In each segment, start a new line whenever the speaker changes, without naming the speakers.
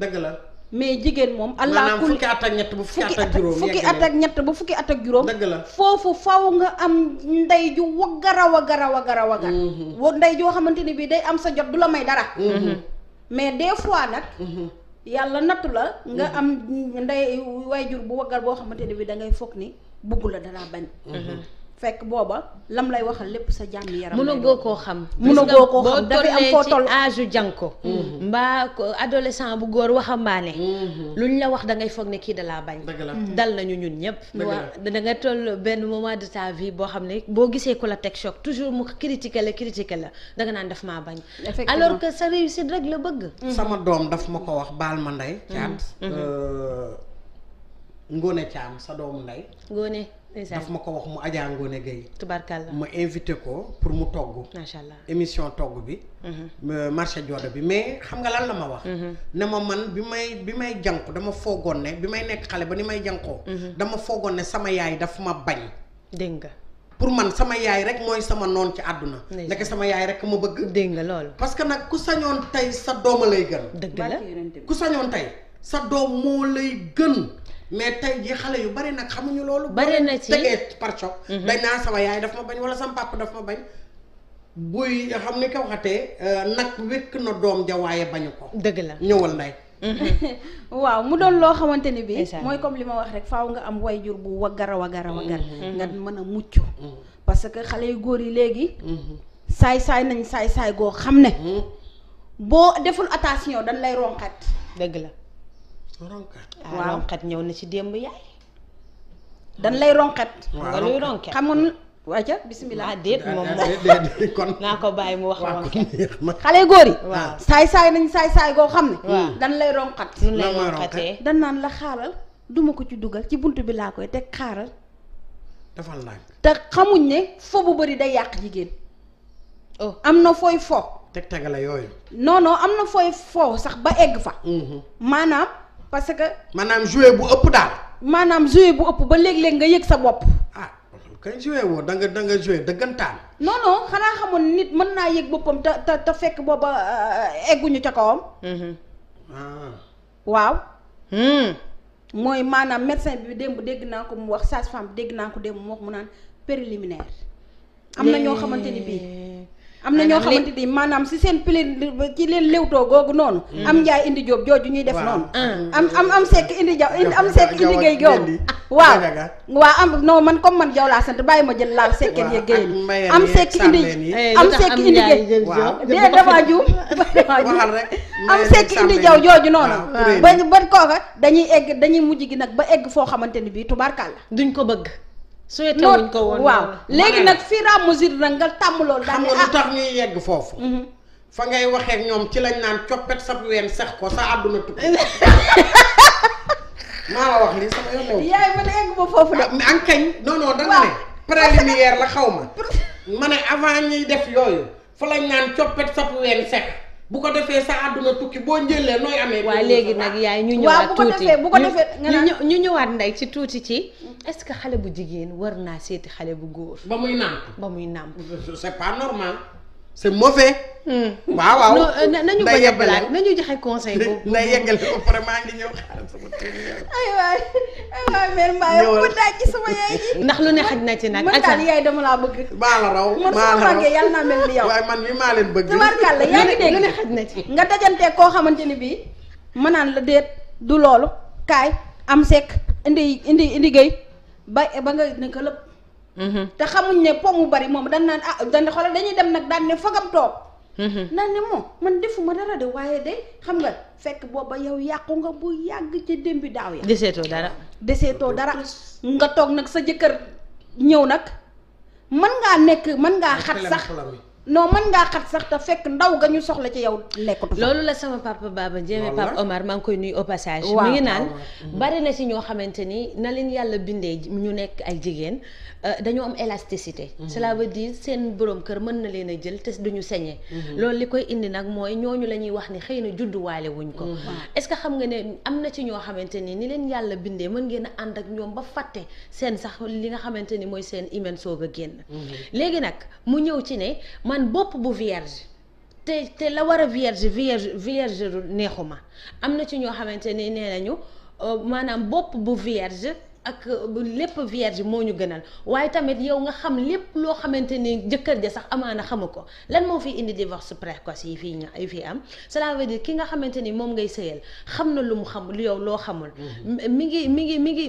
dëgg la mais jigéen moom. allah kulli maanaam fukki at ak ñett bu fukki at ak juróom fukki ñett ba fukki at ak juróom. dëgg la
foofu faw nga am ndey ju waggara waggara waggara wagar wa mhm. ndey joo xamante ni bii day am sa jot du la may dara. Mhm. mais des fois nag. Mhm. yàlla nattu la nga am ndey jur bu waggar boo xamante ne bi da ngay foog ni bugg la danaa bañ fekk booba lam lay waxal lépp sa jàmm yaram. mënagoo koo xam. mënagoo koo xam dafay am foo toll âge yu jànko. Mm-hmm. mbaa adolescent bu góor waxambaane. Mm-hmm. luñ la wax da ngay foog ne kii da laa bañ. Mm-hmm. dal nañu ñun ñëpp. waaw nga toll benn moment de ta vie boo xam ne boo gisee ku la teg toujours mu critiqué la critiqué la naan daf maa bañ. alors que
sa réussite rek la bëgg. sama doom daf ma ko wax baal ma ndey. caat ngóone caam sa doomu ndey.
ngóone. daf ma
ko wax mu Adja Ngoné Gueye tubarkalla ma invité ko pour mu togg macha allah émission togg bi mhm. marché jooda bi mais xam nga lan la ma wax mhm. ne ma man bi may bi may jànq dama foogoon ne bi may nekk xale ba ni may jànqoo mhm. dama foogoon ne sama yaay daf ma bañ dégg nga pour man sama yaay rek mooy sama noon ci àdduna nekk sama yaay rek ma bëgg dégg nga loolu parce que nag ku sañoon tey sa dooma lay gën dëgg la ku sañoon tey sa doom moo lay gën mais tey ji xale yu bari nag xamuñu loolu. bari na si tegee par choc. Mhm. dañ naa sama yaay daf ma bañ wala sama papa daf ma bañ. buy xam ni ko waxatee euh, nag wékk na doom jawaaye waaye bañu ko. dëgg la ñëwal nday
mhm. waaw mu doon loo xamante ni bii mooy comme li ma wax rek faaw nga am wayjur bu wagara wagara mhm. wagar nga mën a mucc parce que xale yu góor yi léegi saay-saay nañ saay-saay goo xam ne boo deful attention dañ lay ronqat dëgg la ronkat ah, ñëw na ci démb yaay. dan lay ronkat. nga luy ronkat xamun waja bisimilah ah, déet ah, moom moom kon ko bàyyi mu wax ronkat xale góor yi. saay saay nañ saay saay goo xam ne. dan lay
ronkat. nu lay ronkatee
dan la xaaral duma ko ci dugal ci bunt bi laa koy teg xaaral. dafal te xamuñ ne fo bu bëri day yàq jigéen. oh am na fooy fo.
teg tegale yooyu.
non non am na fooy fo sax ba egg fa. Mm-hmm. maanaam. parce que. maanaam joué bu ëpp daal. maanaam joué bu ëpp ba léeg-léeg nga yëg sa bopp. ah
kay joué woo da nga da nga dëggantaan.
non non xanaa xamoon nit mën naa yëg boppam te te te fekk booba euh, egguñu ca kawam. Mm-hmm. Ah. waaw. Hmm. mooy maanaam médecin bi démb dégg naa ko mu wax sage-femme dégg naa ko démb moo ko mu naan préliminaire.
am na ñoo xamante ni
bii. am na ñoo xamante ni maanaam si seen pile ci leen léwtoo googu noonu mm. am njaay indi jóob jooju ñuy def noonu mm. am am am sekk indi jaw am sekk indi géey googu waaw waaw am non man comme man jaw laa sant ma jël laal sekkeen ya géey am sekk indi am sekk indi géey eh, dee dafa juum am sekk indi jaw jooju noonu ba ba kooka dañuy egg dañuy mujj gi nag ba egg foo xamante ni bii tubaarkàlla duñ ko bëgg suyete wuñ ko waaw léegi nag
fur et à mesure nag nga tàmm loolu. xam nga lu ah. tax ñuy yegg foofu. Mhm. fa ngay waxee ñoom ci lañ naan coppet sa ween sex ko sa àdduna tukki. maa la wax lii sama yoon la yaay ma ne egg ba foofu de. ah kañ non ne. préliminaire la xaw ma. ma ne avant ñuy def yooyu fa lañ naan coppet sa ween sax. bu ko defee sa àdduna tukki boo njëlee nooy amee. waaw léegi
nag yaay ñu ñëwaat tuuti bu ko defee ñu ñëwaat nday ci tuuti ci. est-ce que xale
bu jigéen war naa seeti xale bu góor. ba muy nàmp ba muy nàmp. c'est pas normal. c'est mauvais. Hmm. waaw waaw euh, nañu bañ a na nañu joxe conseil boobu. na yeggale ko pare maa ngi ñëw xaaral sama kër ay waay ay waay mère Mbaye mu daaj ci sama yaay
ji. ndax lu ne xaj na ci nag. man daal
yaay dama laa bëgg.
maa la raw maa la raw man su ma màggee yàlla naa mel ni yow. waaye man mi maa leen bëgg. tabarkàlla yaa ngi dégg lu ne xaj na ci. nga dajante koo xamante ni bii. manaan la déet du loolu kaay am sekk indi indi indi gay ba ba nga nekk lépp. Mm-hmm. te xamuñ ne po mu bari moom dan naan ah dan xoolal dañuy dem nag daan ne fagam toog mm-hmm. naan ne moom man defuma dara de waaye de xam nga fekk booba yow yàqu nga bu yàgg ca démbi daaw yi deseetoo dara deseetoo dara nga toog nag sa jëkkër ñëw nag man ngaa nekk mën ngaa xat sax non mën ngaa xat sax te fekk ndaw ga ñu soxla ci yow lekkut loolu la sama papa Baba Ndiémé Pape Omar maa ngi koy nuyu au passage mi ngi naan mm-hmm. bari na ci ñoo xamante ni na leen yàlla bindee ñu nekk ay jigéen euh, dañoo élasticité mm-hmm. cela veut dire seen borom kër mën na leen a jël te duñu sañee mm-hmm. loolu li koy indi nag mooy ñooñu la ñuy wax ni xëy na judduwaale wuñ ko est-ce que xam nga ne am na ci ñoo xamante ni ni leen yàlla bindee mën ngeen a ànd ak ñoom ba fàtte seen sax li nga xamante ni mooy seen hymen soog a génn léegi nag mu ñëw ci ne man bopp bu vierge te te la war a vierge vierge vierge ma am na ci ñoo xamante ni nee nañu euh, maanaam bopp bu vierge ak euh, lépp vierge moo ñu gënal waaye tamit yow nga xam lépp loo xamante ni jëkkër ja sax amaana xamu ko lan moo fi indi divorce précoce yi fii ñu yi fii am cela veut ki nga xamante ni moom ngay sëyal xam na lu mu xam yow loo xamul mm-hmm. mi ngi mi ngi mi ngi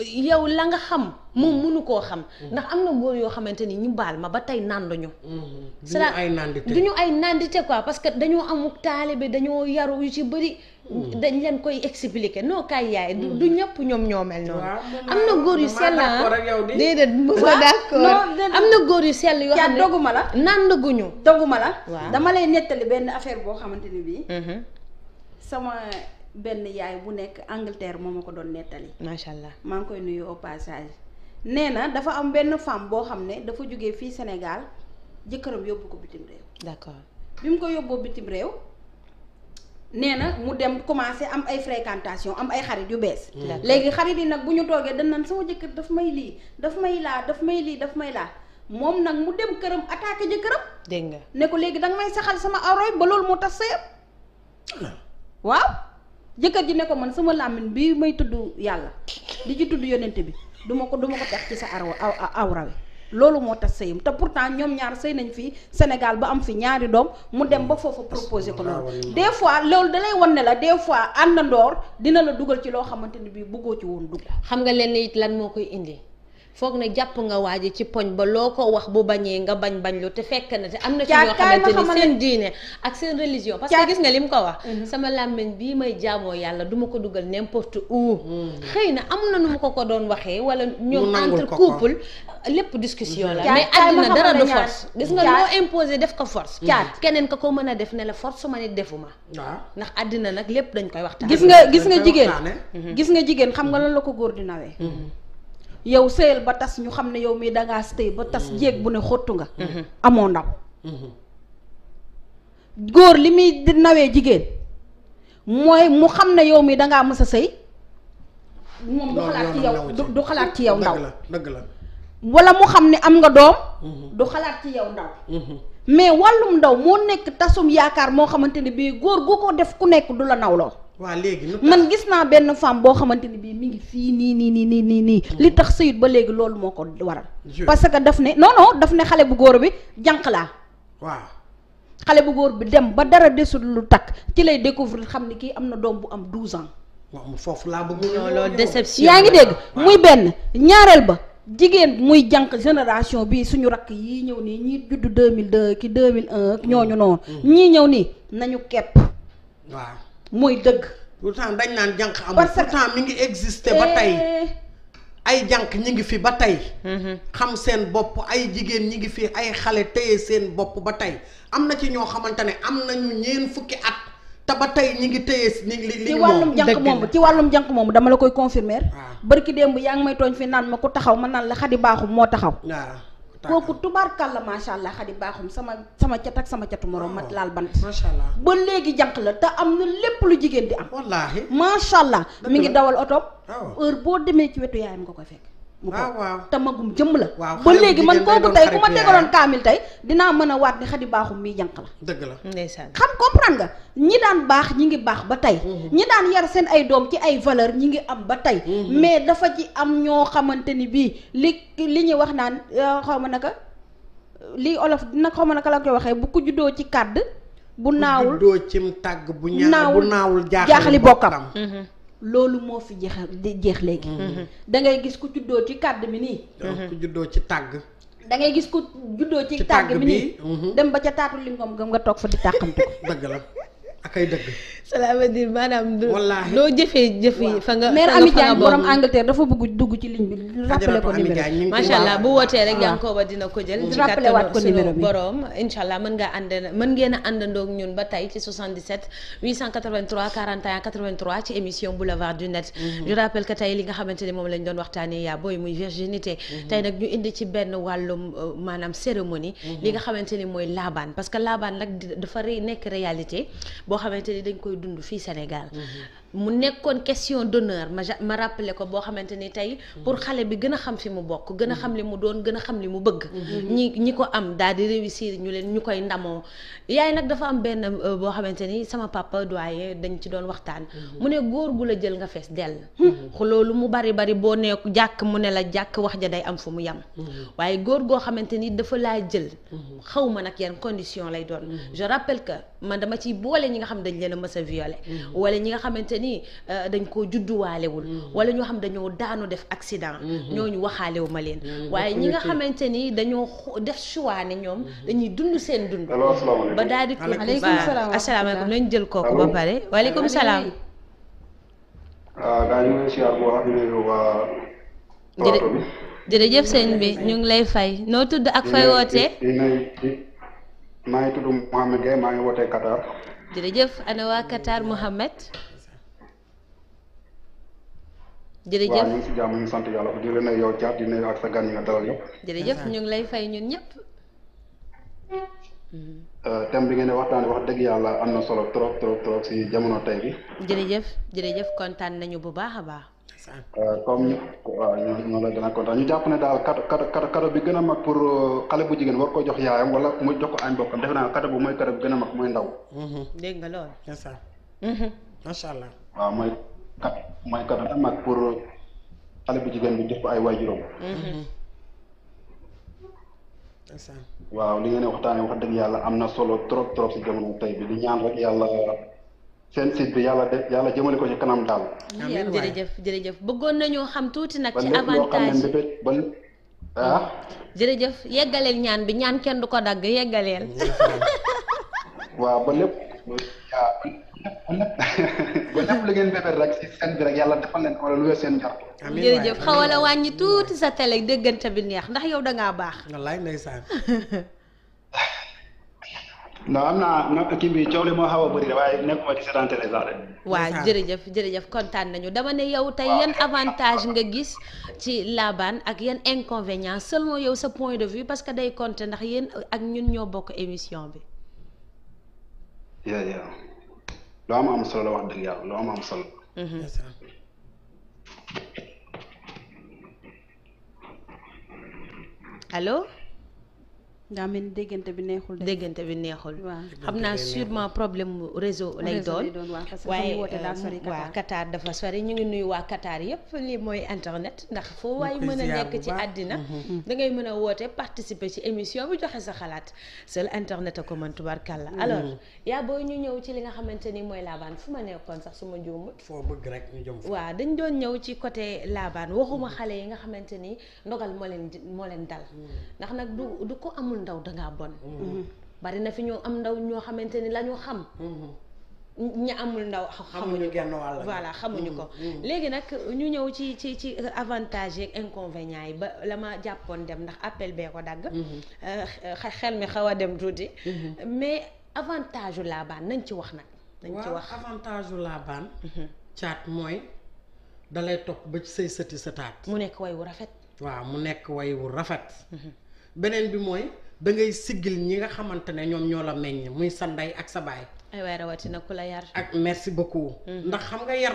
yow la nga xam moom mm. mënu koo xam mm. ndax am na góor yoo xamante ni ñu baal ma ba tey nanduñu mm-hmm. cest à ay nandite du ñu ay nandite quoi parce que dañoo amuk taalibe dañoo yaru yu ci bëri mm. dañ leen koy expliquer non kay yaay du ñëpp ñoom ñoo mel noonu am na góor yu sell ah. déedéet ma d'accord am na góor yu sell yoo xam ne doguma la nanduguñu doguma la waaw dama lay nettali benn affaire boo xamante ni bii
mm-hmm. sama
benn yaay bu nekk Angleterre moo ma ko doon nettali. macha allah maa ngi koy nuyu au passage. nee na dafa am benn femme boo xam ne dafa jóge fii Sénégal jëkkëram yóbbu ko bitim réew. d'accord bi mu ko yóbboo bitim réew. nee na mu dem commencé am ay fréquentation am ay xarit yu bees. léegi xarit yi nag bu ñu toogee dañ naan sama jëkkër dafa may lii dafa may laa dafa may lii dafa may laa moom nag mu dem këram attaqué jëkkëram. dégg nga ne ko léegi danga may saxal sama aroy loolu moo tax sëyam jëkkër ji ne ko man sama làmmiñ bi may tudd yàlla di ci tudd yonent bi duma ko duma ko teg ci sa araw awra wi loolu moo tax sëyam te pourtant ñoom ñaar sëy nañ fii Sénégal ba am fi ñaari doom mu dem ba foofu proposé ko loolu des fois loolu dalay wan ne la des fois àndandoor dina la dugal ci loo xamante ni bii bëggoo ci woon dugg xam nga lenn it lan moo koy indi foog ne jàpp nga waaji ci poñ ba loo ko wax bu bañee nga bañ bañ lu te fekk na te am na ci ñoo xamante ni seen diine ak seen religion parce que gis nga li mu ko wax mhm. sama làmmiñ bi may jaamoo yàlla duma ko dugal n'importe où mhm. xëy na am na nu mu ko ko doon waxee wala ñoom entre couple lépp discussion la mais àddina dara du force gis nga loo imposé def ko force caat keneen ka ko mën a def ne la force su ma nit defuma ndax àddina nag lépp dañ koy waxtaan gis nga gis nga jigéen mhm. gis nga jigéen xam nga lan la ko góor di nawee yow sëyal ba tas ñu xam ne yow mii dangaa sëy ba tas jéeg bu ne xottu nga amoo ndaw góor li muy di nawee jigéen mooy mu xam ne yow mii dangaa mës a sëy
moom du xalaat ci yow du xalaat ndaw dëgg la
wala mu xam ne am nga doom mhm. du xalaat ci yow
ndaw mhm.
mais wàllum ndaw moo nekk tasum yaakaar moo xamante ne bii góor gu ko def ku nekk du la nawloo waa léegi man gis naa benn femme boo xamante ni bii mi ngi fii nii nii nii nii nii nii mhm. li tax sëyut ba léegi loolu moo ko waral. parce que daf ne non daf ne xale bu góor bi jànq laa. waaw xale bu góor bi dem ba dara desul lu takk ci lay découvrir xam ne kii am na doom bu am 12 ans.
waaw foofu laa bëgg loolu déception yaa ngi dégg
muy benn ñaareel ba. jigéen muy jànq génération bi suñu rakk yi ñëw nii ñii judd deux mille deux ki deux mille
un ñooñu mm. noonu mm. ñii ñëw nii nañu kepp mooy dëgg. temps dañ naan jànq amul. parce que pourtant mi ngi existé ba tey. Eh. ay jànq ñi ngi fi ba tey. Mm-hmm. xam seen bopp ay jigéen ñi ngi fi ay xale téye seen bopp ba tey am na ci ñoo xamante ne am nañu ñeen fukki at. te ba tey ñi ngi téye li li li ci wàllum jànq moomu ci
wàllum jànq moomu dama la koy confirmer. waaw ah. barki démb yaa ngi may tooñ fi naan ma ku taxaw ma naan la xadi baaxum moo taxaw. waaw ah. kooku tubaarkàlla macha allah xadi baaxum sama sama cat ak sama catu moroom mat oh, laal bant macha allah ba léegi jànq la te am na lépp lu jigéen di am wallaahi macha allah mi ngi dawal oto oh. heure boo demee ci wetu yaayam nga koy fekk mu ah, ko te jëmm la ba léegi man kooku tey ku ma tegaloon kaamil tey dinaa mën a waat di xadi baaxum mi jànq la dëgg la ndeysaan xam comprendre nga ñi daan baax ñi ngi baax ba tey mm-hmm. ñi daan yar seen ay doom ci ay valeur ñi ngi am ba tey mm-hmm. mais dafa ci am ñoo xamante ni bii li li ñuy wax naan euh, xaw ma naka lii olof dina xaw ma naka la koy waxee bu ko juddoo ci kàdd bu naawul
juddoo cim tàgg bu ñaaw naawul jaaxali bokkam mm-hmm.
loolu moo fi jeexal di jeex léegi. Mhm. Mhm. da ngay gis ku juddoo ci kàdd bi
nii. Mhm. ku juddoo ci tàgg.
da ngay gis ku juddoo ci tàgg bi nii. dem ba ca taatu lingom gam nga toog fa di
tàqamte ko. dëgg la akay dëgg.
cela veut dire maanaam. wallaahi doo jëfee jëf fa nga. fa nga mère dafa bëgg dugg ci ligne bi. rappelé ko numéro macha allah bu wootee rek Yankooba dina ko jël. ci kàttanu suñu borom incha allah mën ngaa ngeen a àndandoo ak ba tey ci 77 883 41 83 ci émission boulevard du net. Mhm. je rappelle que tey li nga xamante ni moom lañ doon waxtaanee yaa booy muy virginité. Mhm. tey nag ñu indi ci benn wàllum euh, maanaam cérémonie. Mhm. li nga xamante ni mooy laabaan parce que laabaan nag dafa nekk réalité boo xamante ni dañ koy dund fii Sénégal mm-hmm. mu nekkoon question d'honneur ma ma rappelé ko boo xamante ni tey pour xale bi gën a xam fi mu bokk gën a xam li mu doon gën a xam li mu bëgg ñi ñi ko am daal di réussir ñu leen ñu koy ndamoo yaay nag dafa am benn euh, boo xamante ni sama papa doyen dañ ci doon waxtaan mu ne góor gu la jël nga fees dell loolu mu bari bari boo nee jàkk mu ne la jàkk wax ja day am fu mu yam waaye góor goo xamante ni dafa laa jël xaw ma nag yan condition lay doon je dama ciy boole ñi nga xam dañ leen a mës ni euh, dañ koo judduwaalewul mm. wala ñoo xam dañoo daanu def accident mm-hmm. ñooñu waxaalewu ma leen mm-hmm. waaye ñi nga xamante ni dañoo def choix ne ñoom mm-hmm. dañuy dund seen dund ba daal di waaw asalaamaaleykum nañ jël kooku ba pare waaleykum salaam
waaw ah, daañu ngi siyaar bu wax ne waa plateau bi jërëjëf sëñ bi ñu
ngi lay fay noo tudd ak fay wootee
maa ngi tudd Mouhamed Gaye maa ngi wootee Qatar
jërëjëf ana waa Qatar Mouhamed jërëjëf waaw ñu sant yàlla di leen yow Thiat di nuyu ak sa gan yi nga dalal yëpp. jërëjëf ñu ngi lay fay ñun ñëpp.
Mm-hmm. Euh, thème bi ngeen di waxtaanee wax dëgg yàlla am na solo trop trop trop si jamono tey bi.
jërëjëf jërëjëf kontaan nañu bu baax a baax.
Euh, comme ñu waaw ñoo la gën a kontaan ñu jàpp
ne daal kado kado kado bi gën a mag pour euh, xale bu jigéen war ko jox yaayam wala mu jox ko ay mbokkam defe naa
kado bu mooy kado bi gën a mag mooy ndaw. Mm-hmm. dégg nga lool. Mm-hmm. macha allah kat mooy kat am ak pour xale bu jigéen bi def ko ay waajuram waaw li ngeen waxtaanee wax dëgg yàlla am na solo trop trop si jamono tey bi di ñaan rek yàlla seen site bi yàlla de yàlla jëmale ko ci kanam daal. amiin waay
jërëjëf jërëjëf bëggoon nañoo xam tuuti nag. ci avantage
ba ah.
jërëjëf yeggaleel ñaan bi ñaan kenn du ko dagg yeggaleel.
waaw ba lépp. ba lépp. ba lépp
lu sa télé déggante bi neex ndax yow da baax. na kii bi coow li moo waaye jërëjëf jërëjëf kontaan nañu dama ne yow tey yan avantage nga gis ci laabaan ak yan inconvénient seulement yow sa point de vue parce que day compter ndax yéen ak ñun ñoo bokk émission bi.
lu am am solo la wax dëgg yàlla lu am am solo. Mhm.
allo. daa mel ni déggante bi neexul de. déggante bi neexul. xam naa sûrement problème réseau lay doon. waaye euh, waa Qatar dafa sori ñu ngi nuyu waa Qatar yépp lii mooy internet ndax foo waaye mën a nekk ci àddina mm-hmm. Mm-hmm. da ngay mën a woote participer ci émission bi joxe sa xalaat seul internet a ko mën tubarkàlla mm-hmm. alors yaa booy ñu ñëw ci li nga xamante ni mooy laabaan fu ma nekkoon sax su ma juumut
foo bëgg rek ñu jëm
dañ doon ñëw ci côté laabaan waxuma xale yi nga xamante ni ndogal moo leen moo leen dal ndaw dangaa bon bari na fi ñoo am ndaw ñoo xamante ni la xam ña amul ndaw xamuñu genn wàll voilà xamuñu ko mm-hmm, mm-hmm. léegi nag ñu ñëw ci ci ci avantage yeeg inconvénients yi ba la ma jàppoon dem ndax appel bee ko dagg mm-hmm. euh, xel mi xaw a dem tuuti mais avantage u laabaan nañ ci wax nag
nañ ci wax avantage u laabaan caat mooy dalay topp ba ci say sëti sëtaat mu nekk way wu rafet waaw mu nekk way wu rafet beneen bi mooy da ngay siggil ñi nga xamante ne ñoom ñoo la meññ muy sa ndey ak sa baay.
ay waay rawatina ku la yar. ak
merci beaucoup. Mm-hmm. ndax xam nga
yar.